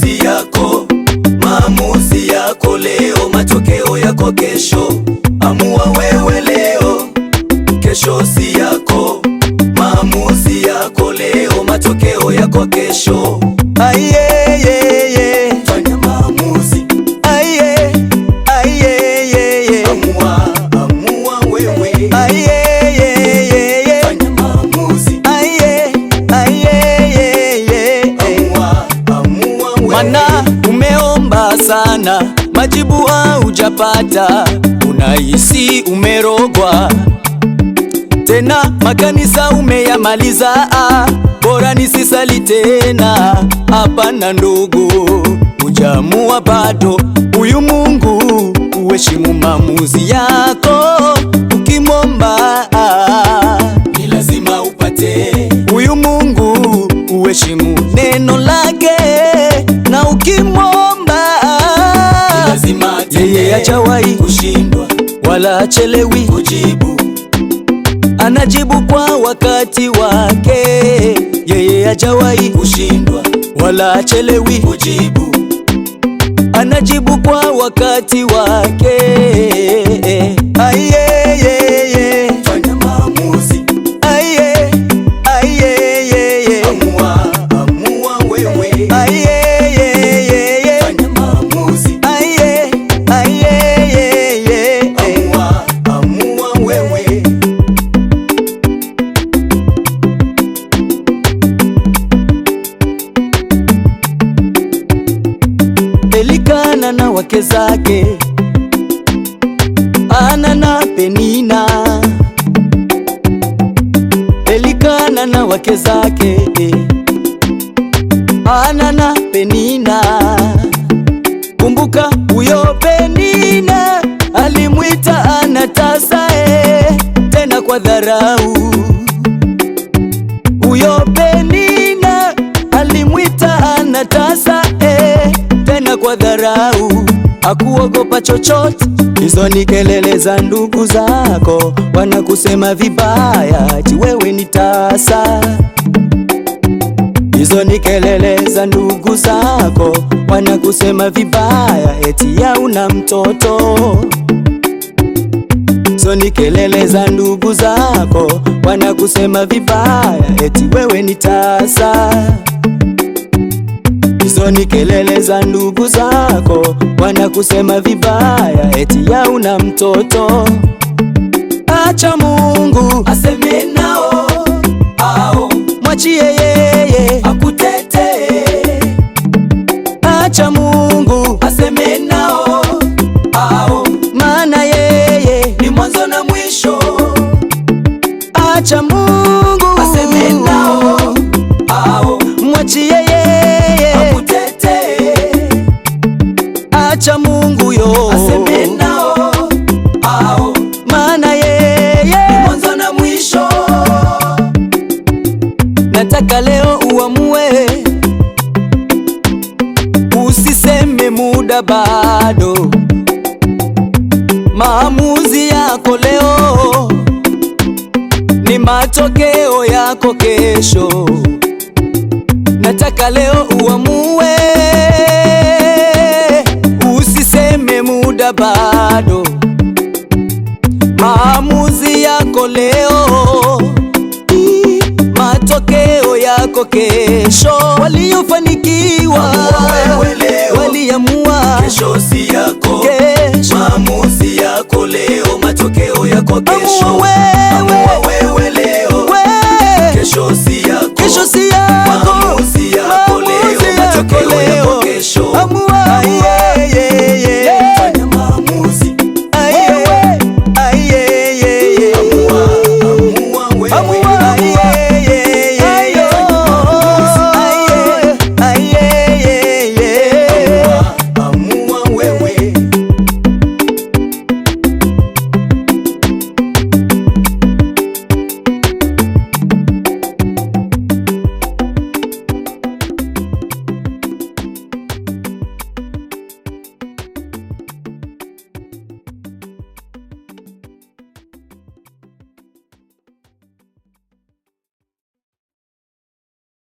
maamuzi yako, maamuzi yako leo, matokeo yako kesho. Amua wewe leo, kesho si yako. Maamuzi yako leo, matokeo yako kesho. Aiye. Bwana, umeomba sana, majibu haujapata, unahisi umerogwa tena, makanisa umeyamaliza, ah, bora nisisali tena. Hapana ndugu, ujaamua bado, huyu Mungu uheshimu maamuzi yako ukimomba achelewi kujibu, anajibu kwa wakati wake. Yeye hajawahi kushindwa wala achelewi kujibu, anajibu kwa wakati wake. wake zake Ana na Penina, Elikana na wake zake Ana na Penina. Kumbuka huyo Penina alimwita Anatasa eh, tena kwa dharau. Huyo Penina alimwita Anatasa eh, tena kwa dharau hakuogopa chochote. Hizo ni kelele za ndugu zako, wanakusema vibaya, ati wewe ni tasa. Hizo ni kelele za ndugu zako, wanakusema vibaya, eti hauna mtoto. Hizo ni kelele za ndugu zako, wanakusema vibaya, eti wewe ni tasa hizo ni kelele za ndugu zako, wanakusema vibaya, eti ya una mtoto. Acha Mungu aseme nao, au mwachie yeye akutetee. Acha Mungu aseme nao, au maana yeye ni mwanzo na mwisho. Acha Mungu aseme nao muda bado. Maamuzi yako leo ni matokeo yako kesho. Nataka leo uamue, usiseme muda bado. Maamuzi yako leo, matokeo yako kesho.